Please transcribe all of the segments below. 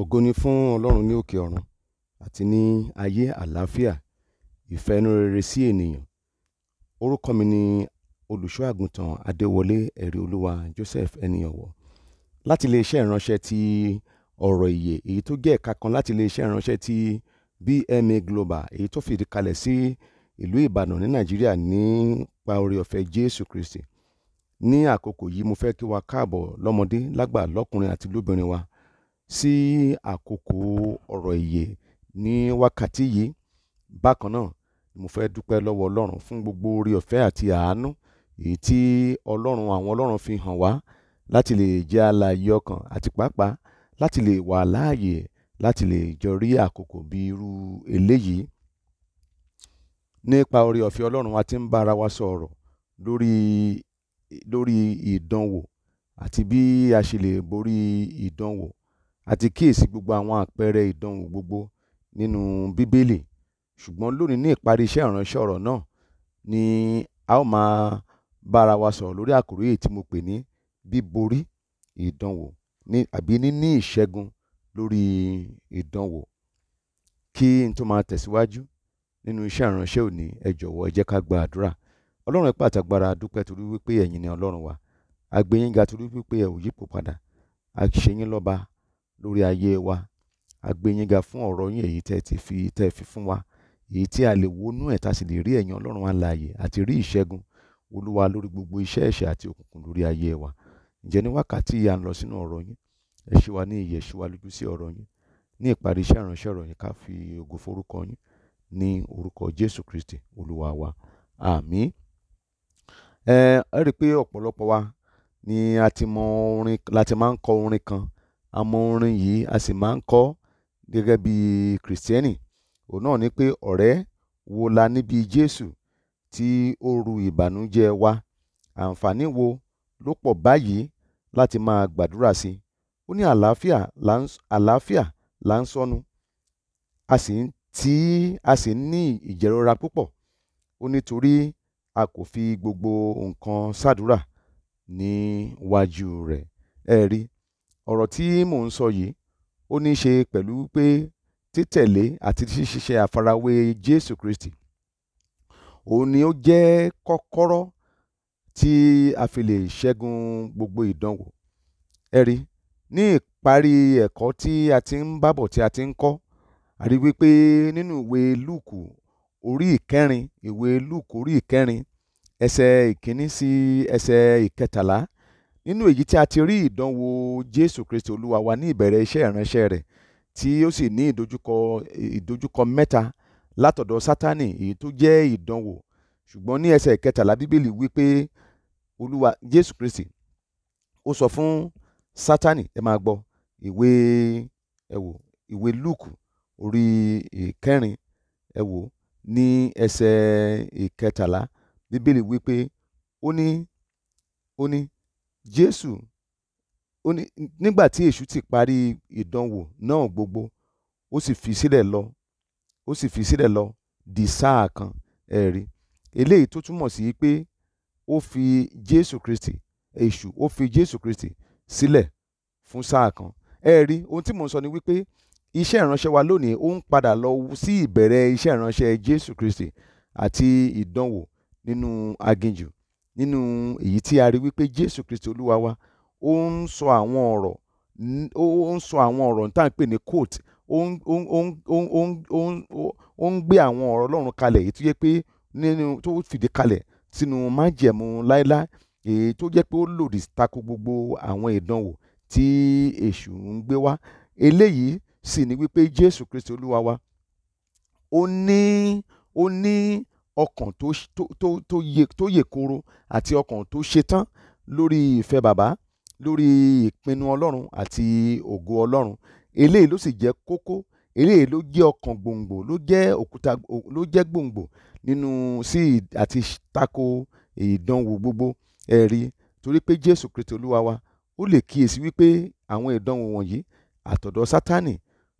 Ògo ni fún Ọlọ́run ní òkè ọ̀run àti ní ayé àlàáfíà ìfẹ́ inú rere sí ènìyàn. Orúkọ mi ni olùṣọ́ Adéwọlé ẹ̀rí olúwa Joseph ẹni ọ̀wọ̀. Láti iléeṣẹ́ ìránṣẹ́ ti ọ̀rọ̀ ìyè èyí tó jẹ́ ẹ̀ka kan láti iléeṣẹ́ ìránṣẹ́ ti BMA Global èyí tó fìdí kalẹ̀ sí ìlú Ìbàdàn ní Nàìjíríà nípa oore ọ̀fẹ́ Jésù Kristi. Ní àkókò yìí mo fẹ́ kí wa káàbọ̀ lọ́mọdé lágbà lọ́kùnrin àti lóbìnrin wa sí àkókò ọ̀rọ̀ ìyè ní wákàtí yìí bákan náà ni mo fẹ́ dúpẹ́ lọ́wọ́ ọlọ́run fún gbogbo oore ọ̀fẹ́ àti àánú èyí tí ọlọ́run àwọn ọlọ́run fi hàn wá láti lè jẹ́ alààyè ọkàn àti pàápàá láti lè wà láàyè láti lè jọ rí àkókò bí irú eléyìí nípa oore ọ̀fẹ́ ọlọ́run a ti ń bá ara wa sọ̀rọ̀ lórí lórí ìdánwò àti bí a ṣe lè borí ìdánwò a ti kíyèsí gbogbo àwọn àpẹẹrẹ ìdánwò gbogbo nínú bíbélì ṣùgbọ́n lónìí ní ìparí iṣẹ́ ìránṣẹ́ ọ̀rọ̀ náà ni a ó máa bára wa sọ̀rọ̀ lórí àkòrí èyí tí mo pè ní bíborí ìdánwò ní àbí níní ìṣẹ́gun lórí ìdánwò kí n tó máa tẹ̀síwájú nínú iṣẹ́ ìránṣẹ́ òní ẹ jọ̀wọ́ ẹ jẹ́ ká gba àdúrà ọlọ́run ẹ pàtàgbára dúpẹ́ torí wípé ẹ̀yin ni ọlọ́run wa a ga torí wípé ẹ ò yípo padà a lọ́ba lórí ayé wa. A gbé yín ga fún ọ̀rọ̀ yín èyí tẹ́ ti fi tẹ́ fi fún wa, èyí tí a lè wónú ẹ̀ tá sì lè rí ẹ̀yìn Ọlọ́run alààyè àti rí ìṣẹ́gun Olúwa lórí gbogbo iṣẹ́ ẹ̀ṣẹ̀ àti òkùnkùn lórí ayé wa. Ǹjẹ́ ní wákàtí yìí à ń lọ sínú ọ̀rọ̀ yín, ẹ ṣí wa ní ìyè, ẹ ṣí wa lójú sí ọ̀rọ̀ yín. Ní ìparí iṣẹ́ ìránṣẹ́ ọ̀rọ̀ yín ká fi ògo forúkọ yín ní orúkọ Jésù Kristi Olúwa wa. Àmín. Ẹ rí i pé ọ̀pọ̀lọpọ̀ wa ni a ti mọ orin, la ti máa ń kọ orin kan Àmọ́ orin yìí a sì máa ń kọ gẹ́gẹ́ bí Kristẹni. Òun náà ni pé ọ̀rẹ́ wo la níbi Jésù tí ó ru ìbànújẹ́ wa? Àǹfààní wo ló pọ̀ báyìí láti máa gbàdúrà sí i? Ó ní àlàáfíà là ń, àlàáfíà là ń sọnù, a sì ń tí a sì ń ní ìjẹ̀rora púpọ̀. Ó ní a kò fi gbogbo nǹkan ṣàdúrà níwájú rẹ̀. Ẹ rí ọ̀rọ̀ tí mò ń sọ yìí ó ní í ṣe pẹ̀lú pé títẹ̀lé àti ṣíṣe àfarawé jésù kristi òun ni ó jẹ́ kọ́kọ́rọ́ tí a fi lè ṣẹ́gun gbogbo ìdánwò ẹ rí ní ìparí ẹ̀kọ́ tí a ti ń bábọ̀ tí a ti ń kọ́ a wípé nínú ìwé lúùkù orí ìkẹrin ìwé lúùkù orí ìkẹrin ẹsẹ̀ ìkíní sí ẹsẹ̀ ìkẹtàlá nínú èyí tí a ti rí ìdánwò jésù kristi olúwa wa ní ìbẹ̀rẹ̀ iṣẹ́ ìránṣẹ́ rẹ̀ tí ó sì ní ìdojúkọ ìdojúkọ mẹ́ta látọ̀dọ̀ sátánì èyí tó jẹ́ ìdánwò ṣùgbọ́n ní ẹsẹ̀ kẹtàlá bíbélì wípé olúwa jésù kristi ó sọ fún sátánì ẹ máa gbọ́ ìwé ẹ wò ìwé luke orí ìkẹrin ẹ ní ẹsẹ̀ ìkẹtàlá bíbélì wípé ó ní ó ní jésù ó ní nígbà tí èṣù ti parí ìdánwò náà gbogbo ó sì fi sílẹ̀ lọ ó sì fi sílẹ̀ lọ di sáà kan ẹ̀rí eléyìí tó túmọ̀ sí pé ó fi jésù kristi èṣù ó fi jésù kristi sílẹ̀ fún sáà kan ẹ̀rí ohun tí mò ń sọ ni wípé iṣẹ́ ìránṣẹ́ wa lónìí ó ń padà lọ sí ìbẹ̀rẹ̀ iṣẹ́ ìránṣẹ́ jésù kristi àti ìdánwò nínú aginjù nínú èyí tí a rí wípé jésù kristi olúwa wa ó ń sọ àwọn ọ̀rọ̀ ó ń sọ àwọn ọ̀rọ̀ tá à ń pè ní quote ó ń gbé àwọn ọ̀rọ̀ ọlọ́run kalẹ̀ èyí tó yẹ pé nínú tó fìdí kalẹ̀ sínú májẹ̀mú láéláé èyí tó jẹ́ pé ó lòdì tako gbogbo àwọn ìdánwò tí èṣù ń gbé wá eléyìí sì ni wípé jésù kristi olúwa wa ó ní ó ní ọkàn tó yè kooro àti ọkàn tó ṣetán lórí ìfẹ́ bàbá lórí ìpinnu ọlọ́run àti ògo ọlọ́run eléyìí ló sì jẹ́ kókó eléyìí ló jẹ́ ọkàn gbòǹgbò ló jẹ́ òkúta ló jẹ́ gbòǹgbò nínú sí àti tako ìdánwò gbogbo ẹ̀rí torí pé jésù kristo olúwa wa ó lè kíyèsí wípé àwọn ìdánwò wọ̀nyí àtọ̀dọ̀ sátánì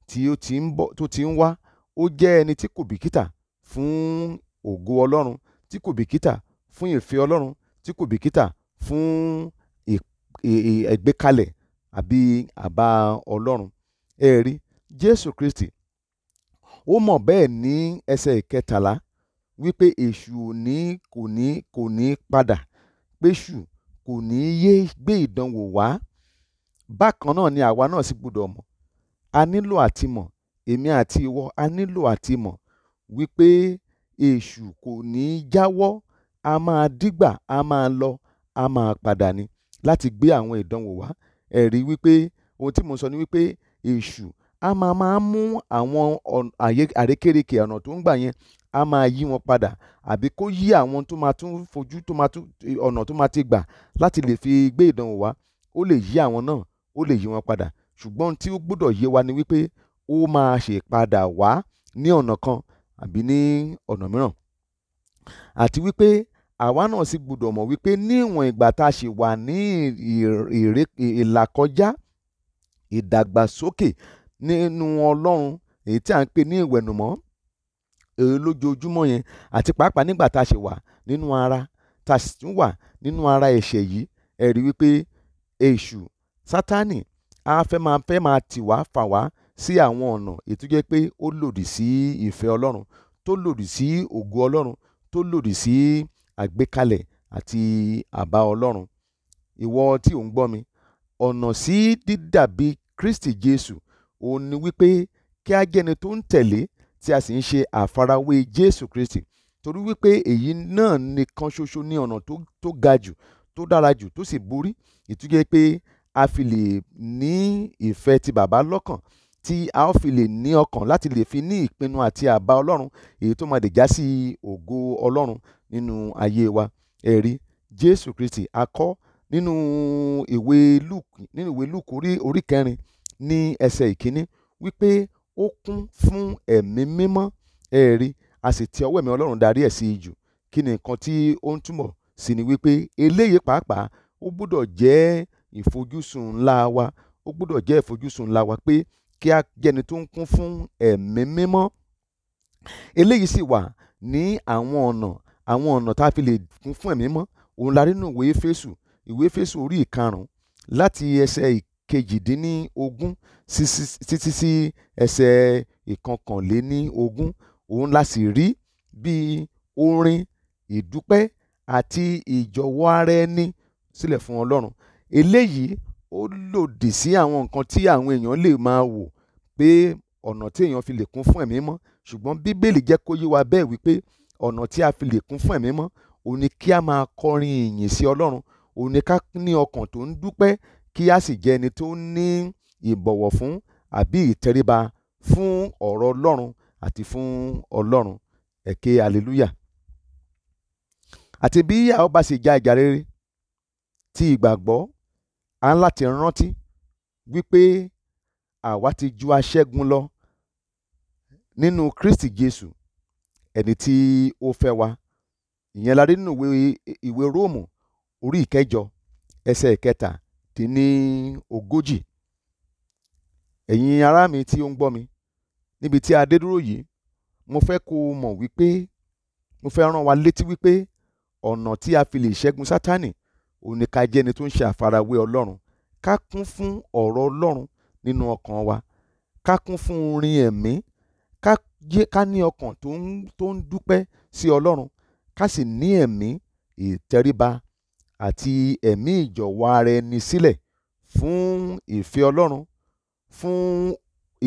tí ó ti ń bọ̀ tó ti ń wá ó jẹ́ ẹni tí kò bìkítà fún ògo ọlọ́run tí kò bìkítà fún ìfẹ́ ọlọ́run tí kò bìkítà fún ẹ̀gbékalẹ̀ àbí àbá ọlọ́run ẹ rí jésù kristi ó mọ̀ bẹ́ẹ̀ ní ẹsẹ̀ ìkẹtàlá wípé èṣù ní kò ní kò ní padà péṣù kò ní yé gbé ìdánwò wá bákan náà ni àwa náà sì gbọ́dọ̀ mọ̀ a nílò àti mọ̀ èmi àti ìwọ a nílò àti mọ̀ wípé èṣù kò ní í jáwọ́ á máa dígbà á máa lọ á máa padà ni láti gbé àwọn ìdánwò wá ẹ rí i wípé ohun tí mo sọ ni wípé èṣù á máa máa mú àwọn àrékérekè ọ̀nà tó ń gbà yẹn á máa yí wọn padà àbí kó yí àwọn tó máa tún fojú tó máa tún ọ̀nà tó máa ti gbà láti lè fi gbé ìdánwò wá ó lè yí àwọn náà ó lè yí wọn padà ṣùgbọ́n tí ó gbọ́dọ̀ yé wa ni wípé ó máa ṣèpadà wá ní ọ̀nà kan àbí ní ọ̀nà mìíràn àti wípé àwa náà sì gbọ́dọ̀ mọ̀ wípé ní ìwọ̀n ìgbà tá a ṣì wà ní ìlàkọjá ìdàgbàsókè nínú ọlọ́run èyí tí a ń pè ní ìwẹ̀nùmọ́ èyí lójoojúmọ́ yẹn àti pàápàá nígbà tá a ṣì wà nínú ara tá a sì tún wà nínú ara ẹ̀ṣẹ̀ yìí ẹ wípé èṣù sátánì a fẹ́ máa fẹ́ máa tì wá fà wá sí àwọn ọ̀nà èyí tó jẹ́ pé ó lòdì sí ìfẹ́ Ọlọ́run tó lòdì sí ògo Ọlọ́run tó lòdì sí àgbékalẹ̀ àti àbá Ọlọ́run. Ìwọ tí ò ń gbọ́ mi, ọ̀nà sí dídàbí Kristi Jésù òun ni wípé kí a jẹ́ni tó ń tẹ̀lé tí a sì ń ṣe àfarawé Jésù Kristi torí wípé èyí náà nìkan ṣoṣo ní ọ̀nà tó ga jù tó dára jù tó sì borí ìtújẹ́ pé a fi lè ní ìfẹ́ ti bàbá lọ́kàn tí a ó fi lè ní ọkàn láti lè fi ní ìpinnu àti àbá ọlọ́run èyí tó máa lè já sí ògo ọlọ́run nínú ayé wa ẹ̀rí jésù kristi a kọ nínú ìwé luke nínú ìwé luke orí orí kẹrin ní ẹsẹ̀ ìkíní wípé ó kún fún ẹ̀mí mímọ́ ẹ̀rí a sì ti ọwọ́ ẹ̀mí ọlọ́run darí ẹ̀ sí ijù kí ni nǹkan tí ó ń túmọ̀ sí ni wípé eléyìí pàápàá ó gbọ́dọ̀ jẹ́ ìfojúsùn ńlá wa ó gbọ́dọ̀ jẹ́ ìfojúsùn ńlá wa pé kí a jẹ́ni tó ń kún fún ẹ̀mí mímọ́ eléyìí sì wà ní àwọn ọ̀nà àwọn ọ̀nà tá a fi lè kún fún ẹ̀mí mímọ́ òun la rí nínú ìwé Éfésù ìwé Éfésù orí ìkarùn-ún láti ẹsẹ̀ ìkejìdínlógún títí sí ẹsẹ̀ ìkọkànléníogún òun la sì rí bí orin ìdúpẹ́ àti ìjọ̀wọ́ ara ẹni sílẹ̀ fún Ọlọ́run eléyìí ó lòdì sí àwọn nǹkan tí àwọn èèyàn lè máa wò pé ọ̀nà tí èèyàn fi lè kún fún ẹ̀mí mọ́ ṣùgbọ́n bíbélì jẹ́ kó yé wa bẹ́ẹ̀ wípé ọ̀nà tí a fi lè kún fún ẹ̀mí mọ́ òun ni kí a máa kọrin ìyìn sí ọlọ́run òun ni ká ní ọkàn tó ń dúpẹ́ kí a sì jẹ́ ẹni tó ní ìbọ̀wọ̀ fún àbí ìtẹríba fún ọ̀rọ̀ ọlọ́run àti fún ọlọ́run ẹ̀kẹ́ hallelujah àti bí a ó bá sì ja ìjà rere ti ìgbàgbọ́ a ní láti rántí wípé àwa ti ju aṣẹ́gun lọ nínú Kristi Jésù ẹni tí ó fẹ́ wa ìyẹn la rí nínú ìwé Róòmù orí ìkẹjọ ẹsẹ̀ ìkẹta dín ní ogójì ẹ̀yin ará mi tí ó ń gbọ́ mi níbi tí a dé dúró yìí mo fẹ́ kó o mọ̀ wípé mo fẹ́ rán wa létí wípé ọ̀nà tí a fi lè ṣẹ́gun Sátánì òun ni ká jẹ́ ẹni tó ń ṣe àfarawé ọlọ́run ká kún fún ọ̀rọ̀ ọlọ́run nínú ọkàn wa ká kún fún orin ẹ̀mí ká ní ọkàn tó ń dúpẹ́ sí ọlọ́run ká sì ní ẹ̀mí ìtẹríba àti ẹ̀mí ìjọ̀wọ́ ara ẹni sílẹ̀ fún ìfẹ́ ọlọ́run fún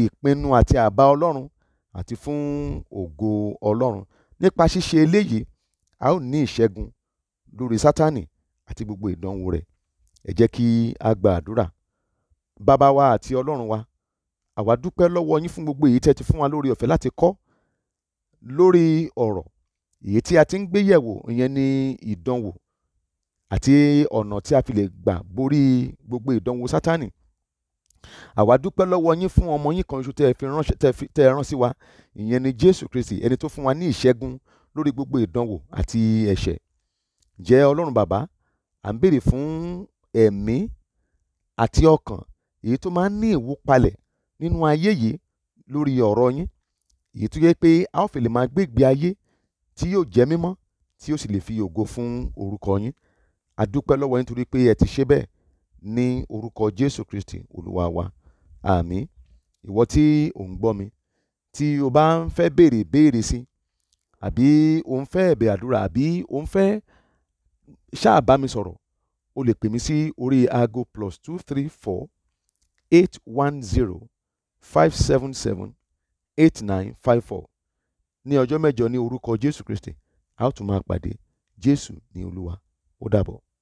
ìpinnu àti àbá ọlọ́run àti fún ògo ọlọ́run nípa ṣíṣe eléyìí a ó ní ìṣẹ́gun lórí sátánì àti gbogbo ìdánwò rẹ̀ ẹ jẹ́ kí a gba àdúrà bàbá wa àti ọlọ́run wa àwa dúpẹ́ lọ́wọ́ yín fún gbogbo èyí tẹ́ ti fún wa lórí ọ̀fẹ́ láti kọ́ lórí ọ̀rọ̀ èyí tí a ti ń gbé yẹ̀wò ìyẹn ni ìdánwò àti ọ̀nà tí a fi lè gbà borí gbogbo ìdánwò sátánì àwa dúpẹ́ lọ́wọ́ yín fún ọmọ yín kan ṣoṣo tẹ́ fi ránṣẹ́ tẹ́ ẹ rán sí wa ìyẹn ni jésù kristi ẹni tó fún wa ní ìṣẹ́gun lórí gbogbo ìdánwò àti ẹ̀ṣẹ̀ jẹ́ ọlọ́run bàbá à ń béèrè fún ẹ̀mí àti ọkàn èyí tó máa ń ní ìwúpalẹ̀ nínú ayé yìí lórí ọ̀rọ̀ yín èyí tó yẹ pé a ó fi lè máa gbé ìgbé ayé tí yóò jẹ́ mímọ́ tí yóò sì lè fi ògo fún orúkọ yín a lọ́wọ́ yín torí pé ẹ ti ṣe bẹ́ẹ̀ ní orúkọ Jésù Kristi olúwa wa àmín ìwọ tí ò ń gbọ́ mi tí o bá ń fẹ́ béèrè béèrè sí àbí o ń fẹ́ ẹ̀bẹ̀ àdúrà àbí o ń fẹ́ ṣáà bá mi sọ̀rọ̀ o lè pè mí sí orí aago plus two three four eight one zero five seven seven eight nine five four ní ọjọ́ mẹ́jọ ní orúkọ Jésù Kristi a ó tún máa pàdé Jésù ní Olúwa ó dàbọ̀.